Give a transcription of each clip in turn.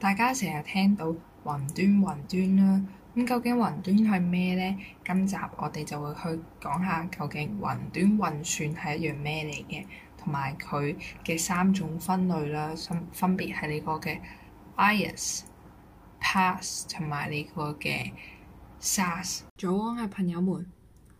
大家成日聽到雲端雲端啦，咁、嗯、究竟雲端係咩呢？今集我哋就會去講下究竟雲端運算係一樣咩嚟嘅，同埋佢嘅三種分類啦，分分別係呢個嘅 IaaS、PaaS 同埋呢個嘅 SaaS。早安呀朋友們，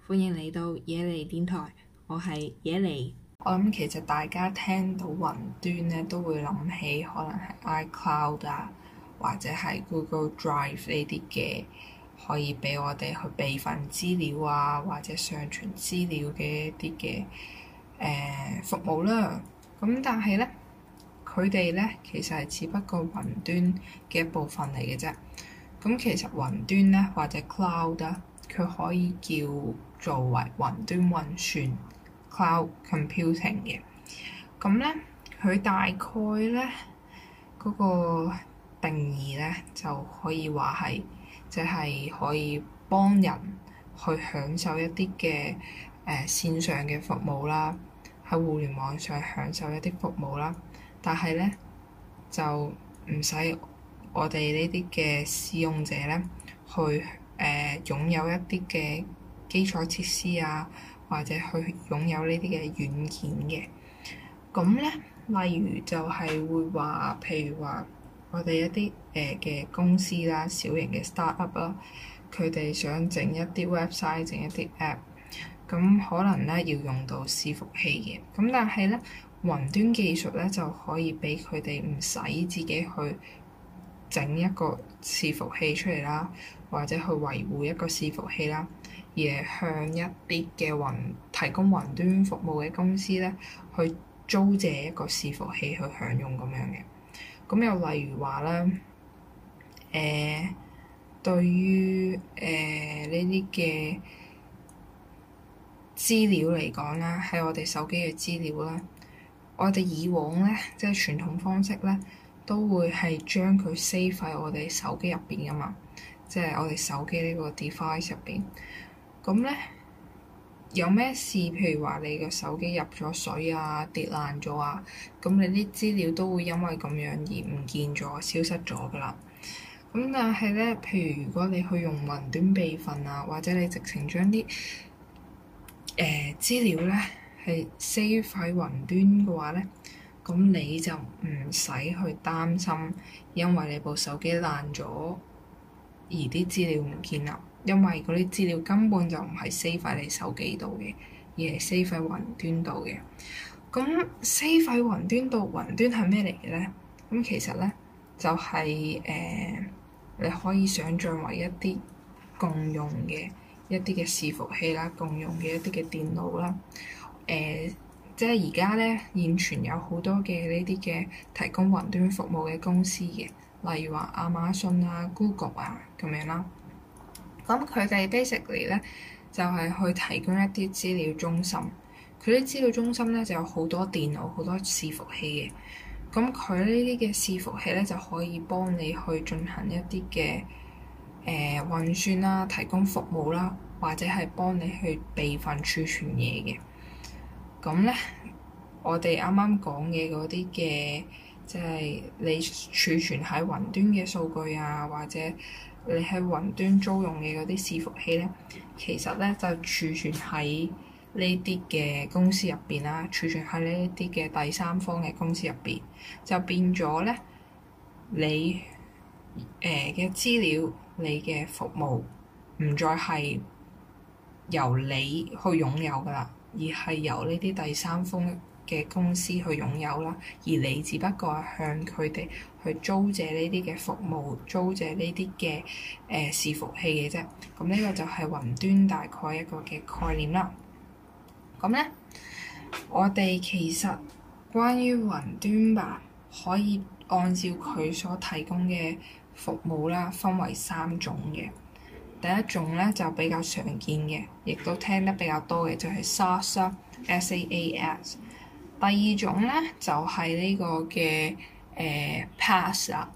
歡迎嚟到野梨電台，我係野梨。我諗其實大家聽到雲端咧，都會諗起可能係 iCloud 啊，或者係 Google Drive 呢啲嘅，可以俾我哋去備份資料啊，或者上傳資料嘅一啲嘅誒服務啦。咁但係咧，佢哋咧其實係只不過雲端嘅一部分嚟嘅啫。咁其實雲端咧或者 cloud 啊，佢可以叫做為雲端運算。cloud computing 嘅，咁咧，佢大概咧嗰個定義咧就可以話係即係可以幫人去享受一啲嘅誒線上嘅服務啦，喺互聯網上享受一啲服務啦。但係咧就唔使我哋呢啲嘅使用者咧去誒、呃、擁有一啲嘅基礎設施啊。或者去擁有呢啲嘅軟件嘅，咁呢，例如就係會話，譬如話我哋一啲誒嘅公司啦、小型嘅 start up 啦，佢哋想整一啲 website、整一啲 app，咁可能呢要用到伺服器嘅，咁但係呢，雲端技術呢就可以俾佢哋唔使自己去整一個伺服器出嚟啦，或者去維護一個伺服器啦。向一啲嘅雲提供雲端服務嘅公司咧，去租借一個伺服器去享用咁樣嘅。咁又例如話咧，誒、呃、對於誒、呃、呢啲嘅資料嚟講啦，係我哋手機嘅資料啦。我哋以往咧，即係傳統方式咧，都會係將佢 save 喺我哋手機入邊噶嘛，即係我哋手機呢個 device 入邊。咁咧，有咩事？譬如話你個手機入咗水啊，跌爛咗啊，咁你啲資料都會因為咁樣而唔見咗、消失咗㗎啦。咁但係咧，譬如如果你去用雲端備份啊，或者你直情將啲誒、呃、資料咧係 save 喺雲端嘅話咧，咁你就唔使去擔心，因為你部手機爛咗而啲資料唔見啦。因為嗰啲資料根本就唔係四 a v 手機度嘅，而係四 a v 雲端度嘅。咁四 a v 雲端度，雲端係咩嚟嘅咧？咁其實咧就係、是、誒、呃、你可以想象為一啲共用嘅一啲嘅伺服器啦，共用嘅一啲嘅電腦啦。誒、呃，即係而家咧現存有好多嘅呢啲嘅提供雲端服務嘅公司嘅，例如話亞馬遜啊、Google 啊咁樣啦。咁佢哋 basically 咧，就係去提供一啲資料中心。佢啲資料中心咧就有好多電腦、好多伺服器嘅。咁佢呢啲嘅伺服器咧就可以幫你去進行一啲嘅誒運算啦，提供服務啦，或者係幫你去備份儲存嘢嘅。咁咧，我哋啱啱講嘅嗰啲嘅，即係你儲存喺雲端嘅數據啊，或者～你喺雲端租用嘅嗰啲伺服器咧，其實咧就儲存喺呢啲嘅公司入邊啦，儲存喺呢啲嘅第三方嘅公司入邊，就變咗咧你誒嘅資料，你嘅服務唔再係由你去擁有噶啦，而係由呢啲第三方嘅公司去擁有啦，而你只不過係向佢哋去租借呢啲嘅服務，租借呢啲嘅誒伺服器嘅啫。咁，嗯，呢個就係雲端大概一個嘅概念啦。咁咧，我哋其實關於雲端吧，可以按照佢所提供嘅服務啦，分為三種嘅。第一種咧就比較常見嘅，亦都聽得比較多嘅，就係 saas，s a a s。A a s, 第二種呢，就係、是、呢個嘅 PaaS 啊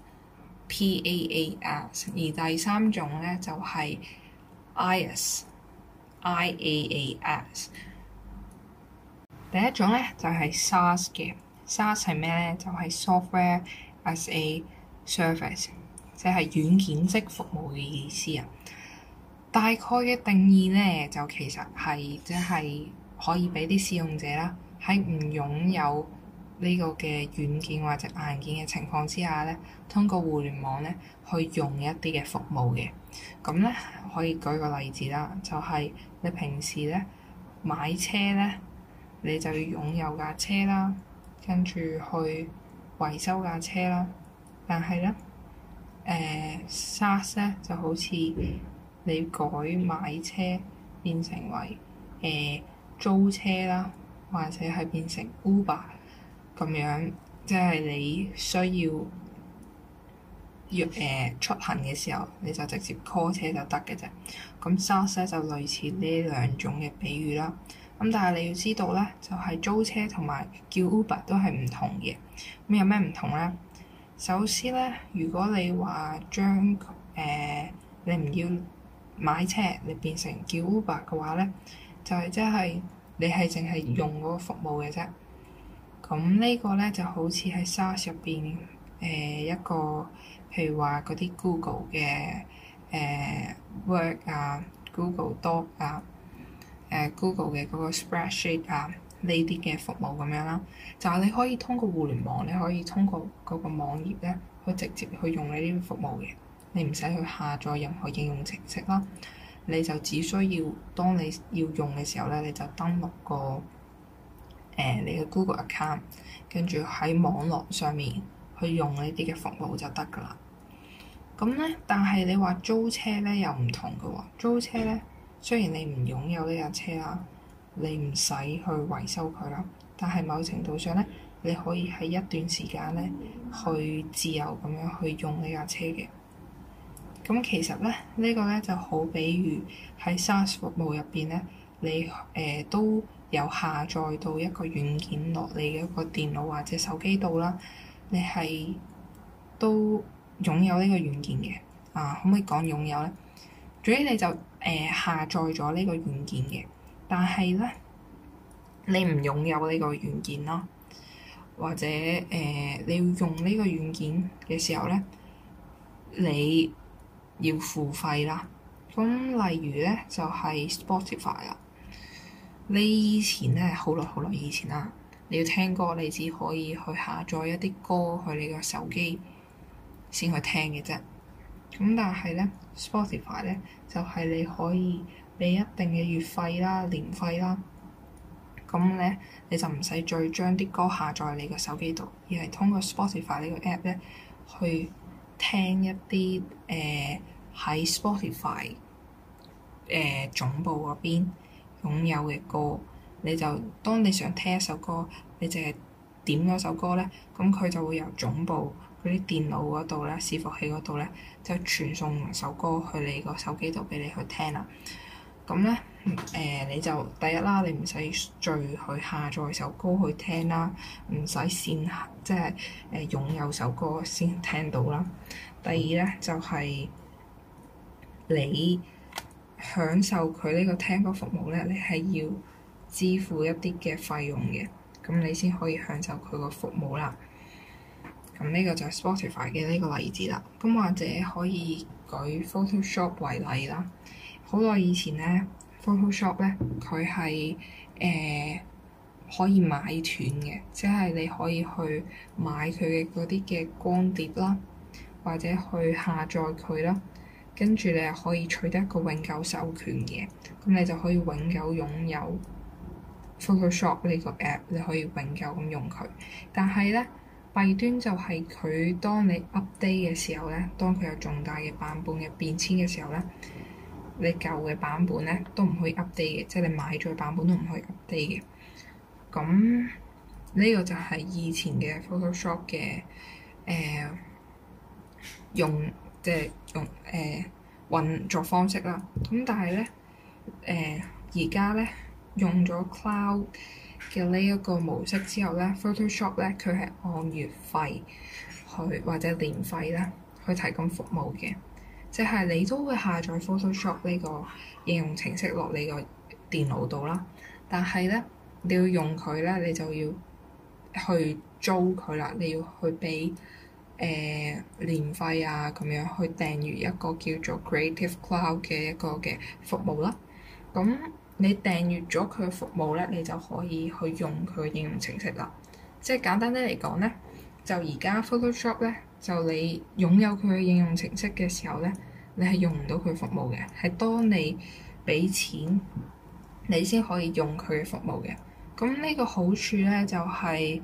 ，P, AS, P A A S，而第三種呢，就係、是、I, AS, I、a a、S I A A S。第一種呢，就係 SaaS 嘅，SaaS 係咩咧？就係、是、software as a service，即係軟件即服務嘅意思啊。大概嘅定義呢，就其實係即係可以畀啲使用者啦。喺唔擁有呢個嘅軟件或者硬件嘅情況之下咧，通過互聯網咧去用一啲嘅服務嘅。咁咧，可以舉個例子啦，就係你平時咧買車咧，你就要擁有架車啦，跟住去維修架車啦。但係咧，誒，saas 咧就好似你改買車變成為誒租車啦。或者係變成 Uber 咁樣，即係你需要約誒、呃、出行嘅時候，你就直接 call 車就得嘅啫。咁 SaaS 咧就類似呢兩種嘅比喻啦。咁、嗯、但係你要知道咧，就係、是、租車同埋叫 Uber 都係唔同嘅。咁有咩唔同咧？首先咧，如果你話將誒、呃、你唔要買車，你變成叫 Uber 嘅話咧，就係即係。就是你係淨係用嗰個服務嘅啫，咁呢個咧就好似喺 SaaS 入邊、呃，一個譬如話嗰啲 Google 嘅誒、呃、Work 啊、Google Doc 啊、誒、呃、Google 嘅嗰個 Spreadsheet 啊呢啲嘅服務咁樣啦，就係、是、你可以通過互聯網，你可以通過嗰個網頁咧去直接去用呢啲服務嘅，你唔使去下載任何應用程式啦。你就只需要當你要用嘅時候咧，你就登錄個誒、呃、你嘅 Google account，跟住喺網絡上面去用呢啲嘅服務就得㗎喇。咁咧，但係你話租車咧又唔同嘅喎，租車咧雖然你唔擁有呢架車啦，你唔使去維修佢啦，但係某程度上咧，你可以喺一段時間咧去自由咁樣去用呢架車嘅。咁其實咧，呢、呢個咧就好比，比如喺 SaaS 服務入邊咧，你誒、呃、都有下載到一個軟件落你嘅一個電腦或者手機度啦。你係都擁有呢個軟件嘅啊？可唔可以講擁有咧？總之你就誒、呃、下載咗呢個軟件嘅，但係咧你唔擁有呢個軟件咯，或者誒、呃、你要用呢個軟件嘅時候咧，你要付費啦，咁例如咧就係、是、Spotify 啦。你以前咧，好耐好耐以前啦，你要聽歌，你只可以去下載一啲歌去你個手機先去聽嘅啫。咁但係咧，Spotify 咧就係、是、你可以俾一定嘅月費啦、年費啦，咁咧你就唔使再將啲歌下載喺你個手機度，而係通過 Spotify 呢個 app 咧去。聽一啲誒喺、呃、Spotify 誒、呃、總部嗰邊擁有嘅歌。你就當你想聽一首歌，你就係點咗首歌咧，咁佢就會由總部嗰啲電腦嗰度咧，伺服器嗰度咧，就傳送首歌去你個手機度俾你去聽啦。咁咧～誒、呃，你就第一啦，你唔使再去下載首歌去聽啦，唔使先即係誒、呃、擁有首歌先聽到啦。第二咧，就係、是、你享受佢呢個聽歌服務咧，你係要支付一啲嘅費用嘅，咁你先可以享受佢個服務啦。咁呢個就係 Spotify 嘅呢個例子啦。咁或者可以舉 Photoshop 為例啦。好耐以前咧。Photoshop 咧，佢係誒可以買斷嘅，即係你可以去買佢嘅嗰啲嘅光碟啦，或者去下載佢啦，跟住你係可以取得一個永久授權嘅，咁你就可以永久擁有 Photoshop 呢個 app，你可以永久咁用佢。但係咧，弊端就係佢當你 update 嘅時候咧，當佢有重大嘅版本嘅變遷嘅時候咧，你舊嘅版本咧都唔可以 update 嘅，即係你買咗嘅版本都唔可以 update 嘅。咁呢、這個就係以前嘅 Photoshop 嘅誒、呃、用即係用誒、呃、運作方式啦。咁但係咧誒，而家咧用咗 Cloud 嘅呢一個模式之後咧，Photoshop 咧佢係按月費去或者年費咧去提供服務嘅。即係你都會下載 Photoshop 呢個應用程式落你個電腦度啦，但係咧你要用佢咧，你就要去租佢啦，你要去俾誒、呃、年費啊咁樣去訂閲一個叫做 Creative Cloud 嘅一個嘅服務啦。咁你訂閲咗佢嘅服務咧，你就可以去用佢嘅應用程式啦。即係簡單啲嚟講咧，就而家 Photoshop 咧。就你擁有佢嘅應用程式嘅時候咧，你係用唔到佢服務嘅，係當你俾錢，你先可以用佢嘅服務嘅。咁呢個好處咧就係、是，誒、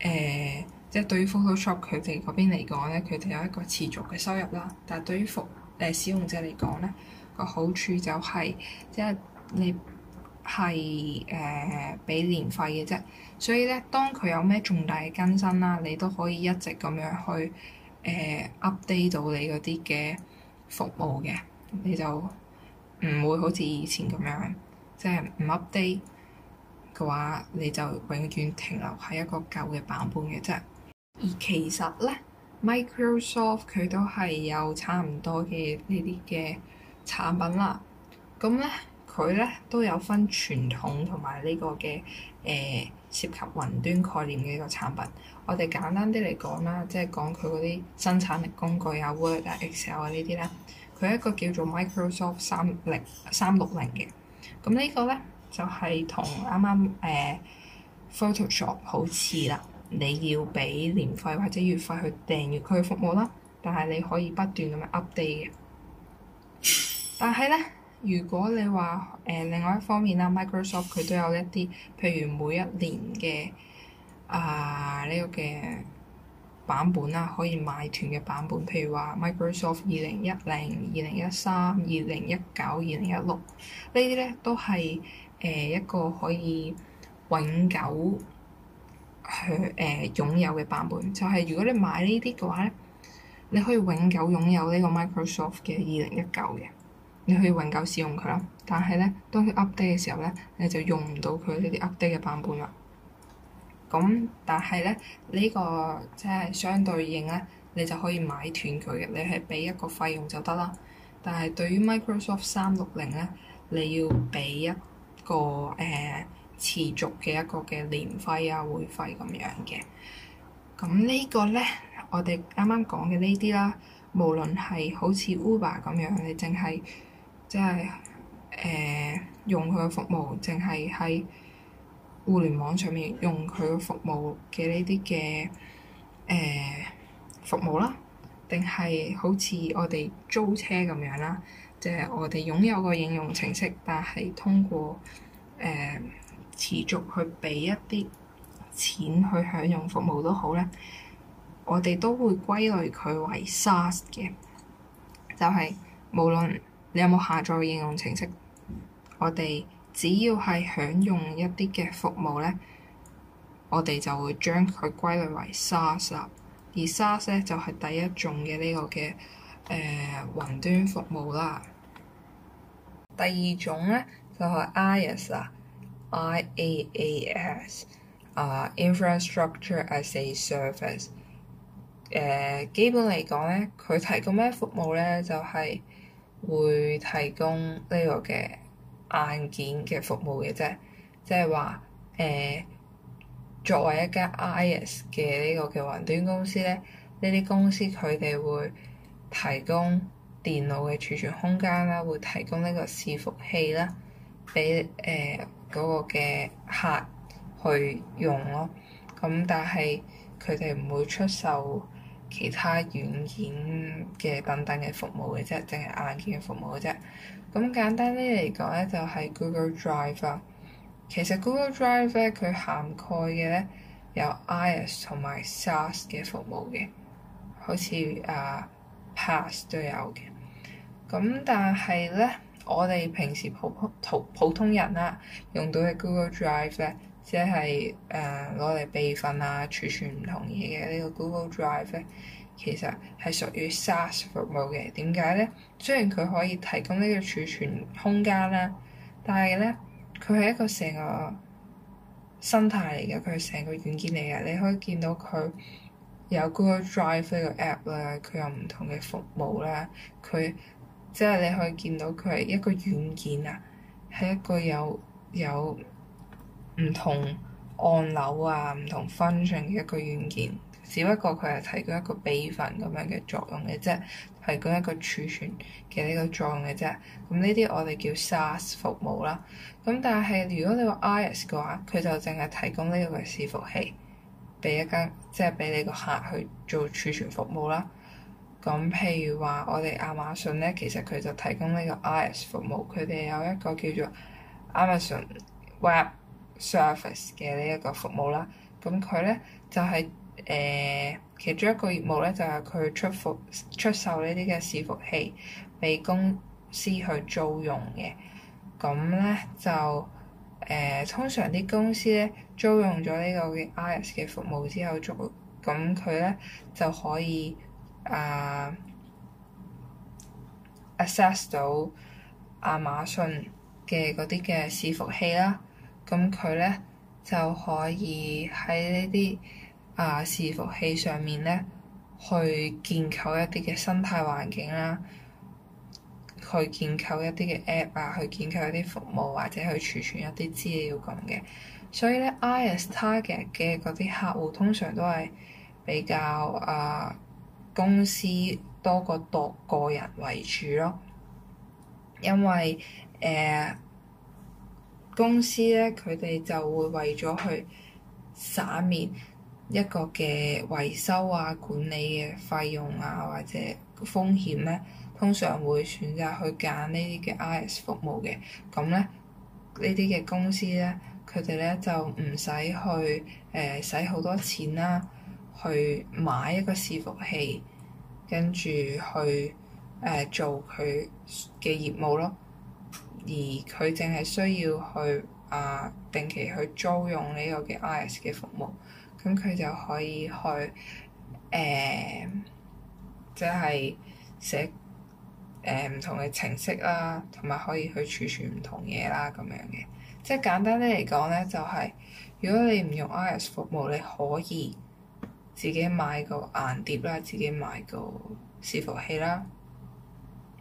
呃，即、就、係、是、對於 Photoshop 佢哋嗰邊嚟講咧，佢哋有一個持續嘅收入啦。但係對於服誒、呃、使用者嚟講咧，個好處就係、是，即、就、係、是、你係誒俾年費嘅啫。所以咧，當佢有咩重大嘅更新啦，你都可以一直咁樣去。誒 update 到你嗰啲嘅服務嘅，你就唔會好似以前咁樣，即係唔 update 嘅話，你就永遠停留喺一個舊嘅版本嘅啫。而其實咧，Microsoft 佢都係有差唔多嘅呢啲嘅產品啦。咁咧，佢咧都有分傳統同埋呢個嘅誒、呃涉及雲端概念嘅一個產品，我哋簡單啲嚟講啦，即係講佢嗰啲生產力工具啊，Word 啊、Excel 啊呢啲啦。佢一個叫做 Microsoft 三零三六零嘅，咁呢個咧就係同啱啱誒 Photoshop 好似啦，你要俾年費或者月費去訂閲佢嘅服務啦，但係你可以不斷咁樣 update 嘅，但係咧。如果你話誒、呃、另外一方面啦，Microsoft 佢都有一啲，譬如每一年嘅啊，呢個嘅版本啦，可以買斷嘅版本，譬如話 Microsoft 二零一零、二零一三、二零一九、二零一六呢啲咧，都係誒、呃、一個可以永久去誒、呃、擁有嘅版本。就係、是、如果你買呢啲嘅話咧，你可以永久擁有呢個 Microsoft 嘅二零一九嘅。你可以永久使用佢啦，但係咧，當佢 update 嘅時候咧，你就用唔到佢呢啲 update 嘅版本啦。咁但係咧，呢、這個即係相對應咧，你就可以買斷佢嘅，你係俾一個費用就得啦。但係對於 Microsoft 三六零咧，你要俾一個誒、呃、持續嘅一個嘅年費啊、會費咁樣嘅。咁、嗯這個、呢個咧，我哋啱啱講嘅呢啲啦，無論係好似 Uber 咁樣，你淨係。即係誒、呃、用佢嘅服務，淨係喺互聯網上面用佢嘅服務嘅呢啲嘅誒服務啦，定係好似我哋租車咁樣啦，即係我哋擁有個應用程式，但係通過誒、呃、持續去畀一啲錢去享用服務都好咧，我哋都會歸類佢為 saas 嘅，就係、是、無論。你有冇下載應用程式？我哋只要係享用一啲嘅服務咧，我哋就會將佢歸類為 SaaS 啦。而 SaaS 咧就係、是、第一種嘅呢、這個嘅誒、呃、雲端服務啦。第二種咧就係 IaaS 啦，IaaS 啊、uh, Infrastructure as a Service。誒、呃，基本嚟講咧，佢提供咩服務咧？就係、是會提供呢個嘅硬件嘅服務嘅啫，即係話誒作為一間 IaaS 嘅呢個嘅雲端公司咧，呢啲公司佢哋會提供電腦嘅儲存空間啦，會提供呢個伺服器啦，俾誒嗰個嘅客去用咯。咁但係佢哋唔會出售。其他軟件嘅等等嘅服務嘅啫，淨係硬件嘅服務嘅啫。咁簡單啲嚟講咧，就係、是、Google Drive 啦。其實 Google Drive 咧，佢涵蓋嘅咧有 IaaS 同埋 SaaS 嘅服務嘅，好似啊、uh, PaaS 都有嘅。咁但係咧，我哋平時普通普普通人啦、啊，用到嘅 Google Drive 咧。即係誒攞嚟備份啊、儲存唔同嘢嘅、這個、呢個 Google Drive 咧，其實係屬於 SaaS 服務嘅。點解咧？雖然佢可以提供呢個儲存空間啦，但係咧，佢係一個成個生態嚟嘅，佢係成個軟件嚟嘅。你可以見到佢有 Google Drive 呢個 App 啦，佢有唔同嘅服務啦，佢即係你可以見到佢係一個軟件啊，係一個有有，唔同按鈕啊，唔同 function 嘅一個軟件，只不過佢係提供一個備份咁樣嘅作用嘅啫，提供一個儲存嘅呢個作用嘅啫。咁呢啲我哋叫 SaaS 服務啦。咁但係如果你話 IaaS 嘅話，佢就淨係提供呢個嘅伺服器俾一間即係俾你個客去做儲存服務啦。咁譬如話我哋亞馬遜咧，其實佢就提供呢個 IaaS 服務，佢哋有一個叫做 Amazon Web service 嘅呢一個服務啦，咁佢咧就係、是、誒、呃、其中一個業務咧，就係、是、佢出服出售呢啲嘅伺服器俾公司去租用嘅。咁咧就誒、呃、通常啲公司咧租用咗呢個嘅 iaas 嘅服務之後做咁佢咧就可以啊 a、呃、s s e s s 到亞馬遜嘅嗰啲嘅伺服器啦。咁佢咧就可以喺呢啲啊伺服器上面咧，去建構一啲嘅生態環境啦，去建構一啲嘅 app 啊，去建構一啲服務或者去儲存一啲資料咁嘅。所以咧 IaaS target 嘅嗰啲客戶通常都係比較啊、呃、公司多過度個人為主咯，因為誒。呃公司咧，佢哋就會為咗去灑面一個嘅維修啊、管理嘅、啊、費用啊，或者風險咧，通常會選擇去揀呢啲嘅 IaaS 服務嘅。咁咧，呢啲嘅公司咧，佢哋咧就唔使去誒使好多錢啦，去買一個伺服器，跟住去誒、呃、做佢嘅業務咯。而佢淨係需要去啊、呃，定期去租用呢個嘅 IaaS 嘅服務，咁佢就可以去誒，即、呃、係、就是、寫誒唔、呃、同嘅程式啦，同埋可以去儲存唔同嘢啦，咁樣嘅。即係簡單啲嚟講咧，就係、是、如果你唔用 IaaS 服務，你可以自己買個硬碟啦，自己買個伺服器啦，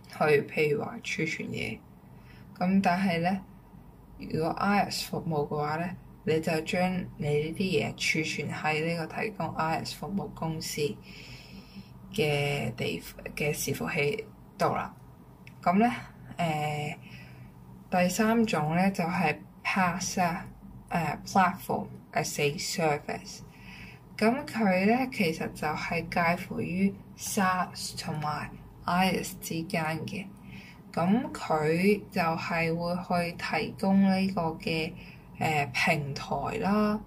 去譬如話儲存嘢。咁但係咧，如果 IaaS 服務嘅話咧，你就將你呢啲嘢儲存喺呢個提供 IaaS 服務公司嘅地嘅伺服器度啦。咁咧，誒、呃、第三種咧就係、是、PaaS 啊、uh，platform as a service。咁佢咧其實就係介乎於 SaaS 同埋 IaaS 之間嘅。咁佢、嗯、就係會去提供呢個嘅誒、呃、平台啦，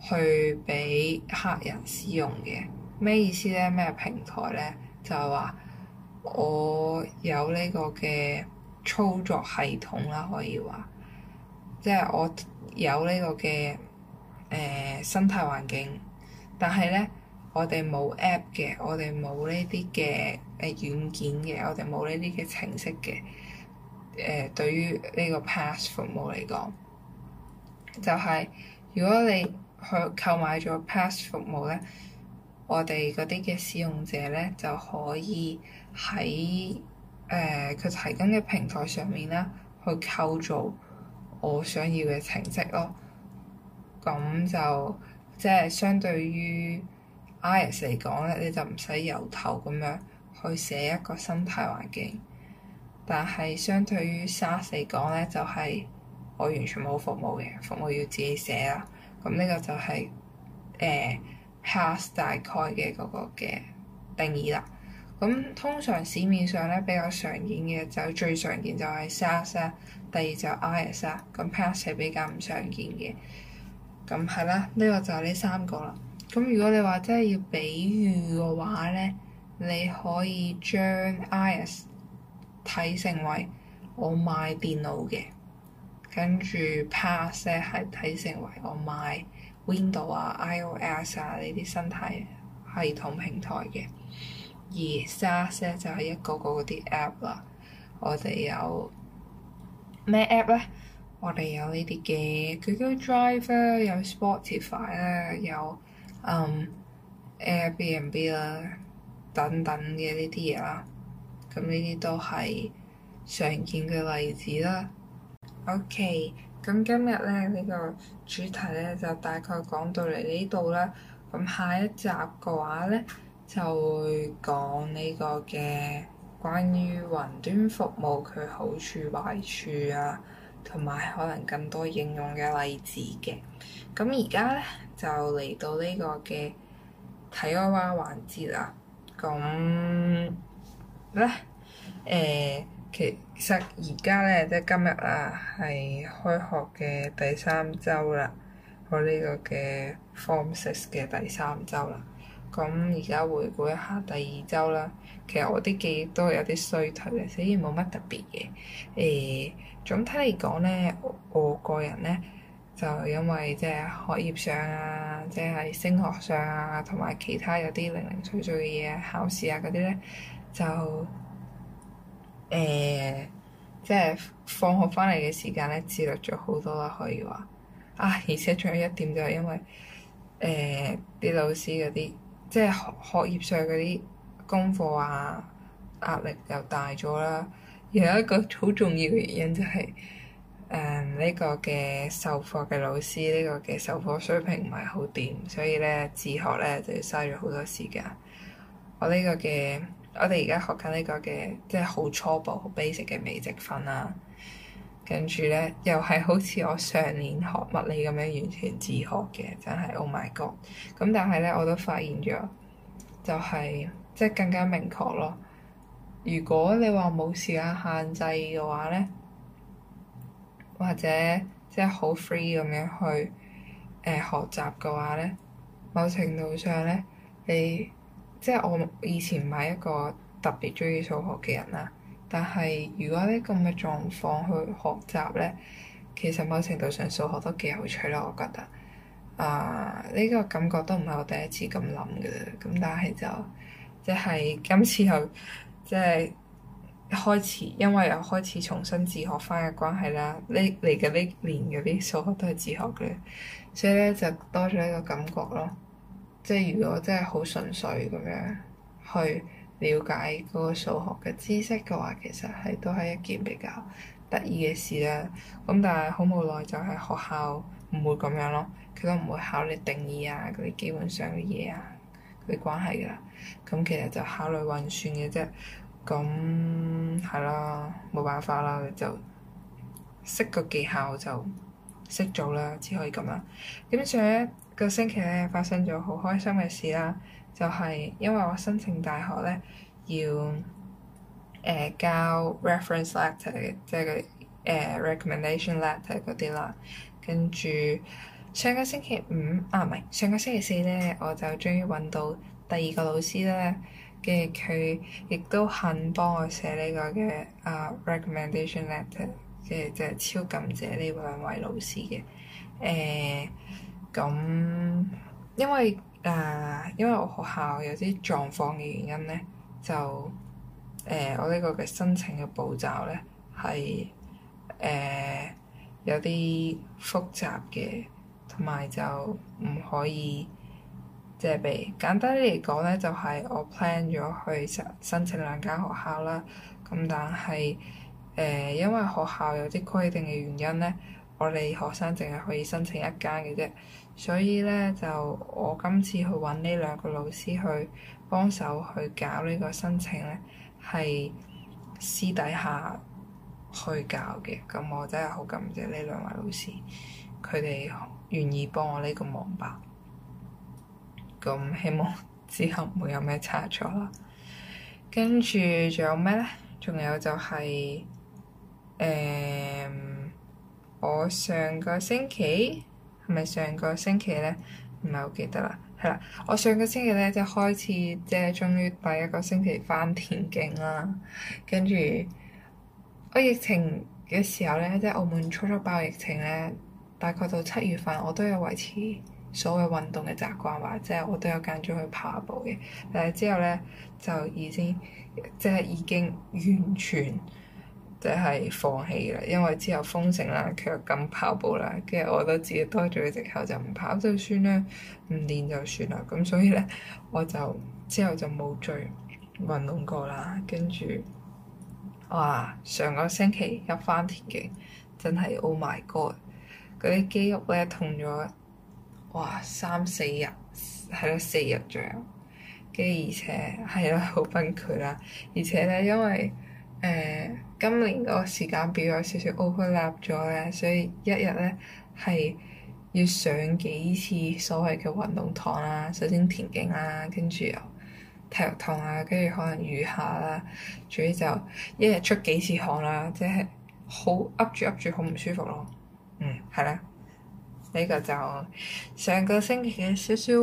去俾客人使用嘅。咩意思咧？咩平台咧？就係、是、話我有呢個嘅操作系統啦，可以話，即、就、係、是、我有呢個嘅誒、呃、生態環境，但係咧我哋冇 app 嘅，我哋冇呢啲嘅。誒軟件嘅，我哋冇呢啲嘅程式嘅。誒、呃，對於呢個 paas 服務嚟講，就係、是、如果你去購買咗 paas 服務咧，我哋嗰啲嘅使用者咧就可以喺誒佢提供嘅平台上面咧，去構造我想要嘅程式咯。咁就即係相對於 iaas 嚟講咧，你就唔使由頭咁樣。去寫一個生態環境，但係相對於 SaaS 嚟講咧，就係、是、我完全冇服務嘅服務要自己寫啦。咁呢個就係、是、誒、呃、PaaS 大概嘅嗰個嘅定義啦。咁通常市面上咧比較常見嘅就最常見就係 SaaS 沙，第二就 IaaS 沙，咁 PaaS 比較唔常見嘅。咁係啦，呢、這個就係呢三個啦。咁如果你話真係要比喻嘅話咧，你可以將 IaaS 睇成為我買電腦嘅，跟住 PaaS 係睇成為我買 Windows 啊、iOS 啊呢啲生態系統平台嘅。而 SaaS 就係、是、一個個嗰啲 app 啦。我哋有咩 app 咧？我哋有呢啲嘅 Google Drive r 有 Spotify 啦，有、啊有嗯、Airbnb 啦、啊。等等嘅呢啲嘢啦，咁呢啲都係常見嘅例子啦。OK，咁今日咧，呢個主題咧，就大概講到嚟呢度啦。咁下一集嘅話咧，就會講呢個嘅關於雲端服務佢好處壞處啊，同埋可能更多應用嘅例子嘅。咁而家咧就嚟到呢個嘅題外話環節啦。咁咧，誒、呃，其實而家咧，即係今日啊，係開學嘅第三周啦。我呢個嘅 Form Six 嘅第三周啦。咁而家回顧一下第二周啦。其實我啲記憶都有啲衰退嘅，雖然冇乜特別嘅。誒、呃，總體嚟講咧，我個人咧，就因為即係學業上啊，即係升學上啊，同埋其他有啲零零碎碎嘅嘢、考試啊嗰啲咧，就誒即係放學翻嚟嘅時間咧，自律咗好多啦，可以話啊，而且仲有一點就係因為誒啲老師嗰啲即係學學業上嗰啲功課啊，壓力又大咗啦，有一個好重要嘅原因就係。誒呢個嘅授課嘅老師，呢個嘅授課水平唔係好掂，所以咧自學咧就要嘥咗好多時間。我呢個嘅我哋而家學緊呢個嘅即係好初步、好 basic 嘅微積分啦，跟住咧又係好似我上年學物理咁樣完全自學嘅，真係 oh my god！咁但係咧我都發現咗，就係、即係更加明確咯。如果你話冇時間限制嘅話咧。或者即係好 free 咁樣去誒、呃、學習嘅話咧，某程度上咧你即係我以前唔係一個特別鍾意數學嘅人啦，但係如果呢咁嘅狀況去學習咧，其實某程度上數學都幾有趣啦，我覺得啊呢、uh, 個感覺都唔係我第一次咁諗嘅，咁但係就即係今次又即係。開始，因為又開始重新自學翻嘅關係啦，呢嚟嘅呢年嗰啲數學都係自學嘅，所以咧就多咗一個感覺咯。即係如果真係好純粹咁樣去了解嗰個數學嘅知識嘅話，其實係都係一件比較得意嘅事啦。咁但係好無奈就係學校唔會咁樣咯，佢都唔會考你定義啊嗰啲基本上嘅嘢啊，啲關係噶，咁其實就考慮運算嘅啫。咁係啦，冇、嗯、辦法啦，就識個技巧就識做啦，只可以咁啦。咁上一個星期咧，發生咗好開心嘅事啦，就係、是、因為我申請大學咧要誒、呃、交 reference letter 嘅，即係個誒 recommendation letter 嗰啲啦。跟住上個星期五啊，唔係上個星期四咧，我就終於揾到第二個老師咧。跟住佢亦都肯幫我寫個、uh, 呢個嘅啊 recommendation letter，即係即係超感謝呢兩位老師嘅。誒、欸，咁因為誒、uh, 因為我學校有啲狀況嘅原因咧，就誒、欸、我呢個嘅申請嘅步驟咧係誒有啲複雜嘅，同埋就唔可以。即係簡單嚟講咧，就係我 plan 咗去申申請兩間學校啦。咁但係誒、呃，因為學校有啲規定嘅原因咧，我哋學生淨係可以申請一間嘅啫。所以咧，就我今次去揾呢兩個老師去幫手去搞呢個申請咧，係私底下去搞嘅。咁我真係好感謝呢兩位老師，佢哋願意幫我呢個忙吧。咁希望之後唔會有咩差錯啦。跟住仲有咩咧？仲有就係誒，我上個星期係咪上個星期咧？唔係好記得啦。係啦，我上個星期咧，即係開始即係終於第一個星期翻田徑啦。跟住我疫情嘅時候咧，即係澳門初初爆疫情咧，大概到七月份，我都有維持。所謂運動嘅習慣話，即係我都有間中去跑步嘅，但係之後咧就已經即係已經完全即係放棄啦。因為之後封城啦，佢又咁跑步啦，跟住我都自己多咗隻口就唔跑，就，跑就算咧，唔練就算啦。咁所以咧我就之後就冇再運動過啦。跟住哇，上個星期入翻田徑，真係 oh my god，嗰啲肌肉咧痛咗～哇，三四日，係咯，四日左右，跟住而且係咯，好崩潰啦，而且咧，因為誒、呃、今年嗰個時間表有少少 overlap 咗咧，所以一日咧係要上幾次所謂嘅運動堂啦，首先田徑啦，跟住又體育堂啊，跟住可能雨下啦，仲要就一日出幾次汗啦，即係好噏住噏住好唔舒服咯，嗯，係啦。呢個就上個星期嘅少少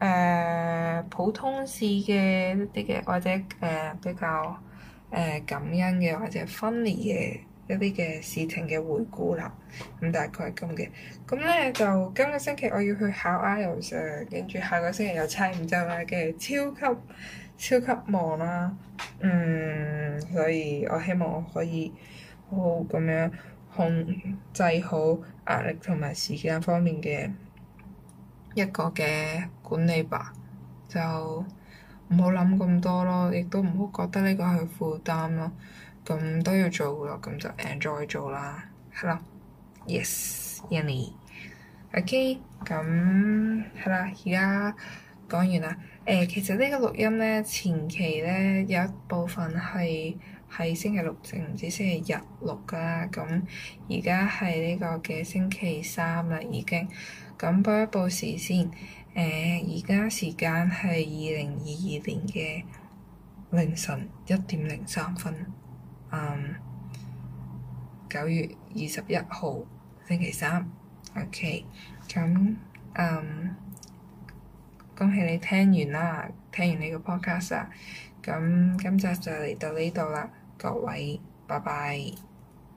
誒普通事嘅一啲嘅，或者誒、呃、比較誒、呃、感恩嘅或者分離嘅一啲嘅事情嘅回顧啦。咁、嗯、大概係咁嘅。咁、嗯、咧就今個星期我要去考 IELTS，跟住下個星期又差唔多啦，嘅超級超級忙啦。嗯，所以我希望我可以好好咁樣控制好壓力同埋時間方面嘅一個嘅管理吧，就唔好諗咁多咯，亦都唔好覺得呢個係負擔咯。咁都要做啦，咁就 enjoy 做啦，係啦，yes，Yanni，ok，咁係啦，而家講完啦。誒，其實呢個錄音咧前期咧有一部分係。係星期六定唔知星期日錄噶啦，咁而家係呢個嘅星期三啦已經，咁播一播時先，誒而家時間係二零二二年嘅凌晨一點零三分，嗯，九月二十一號星期三，OK，咁嗯，恭喜你聽完啦，聽完呢個 podcast 啊，咁今集就嚟到呢度啦。各位，拜拜。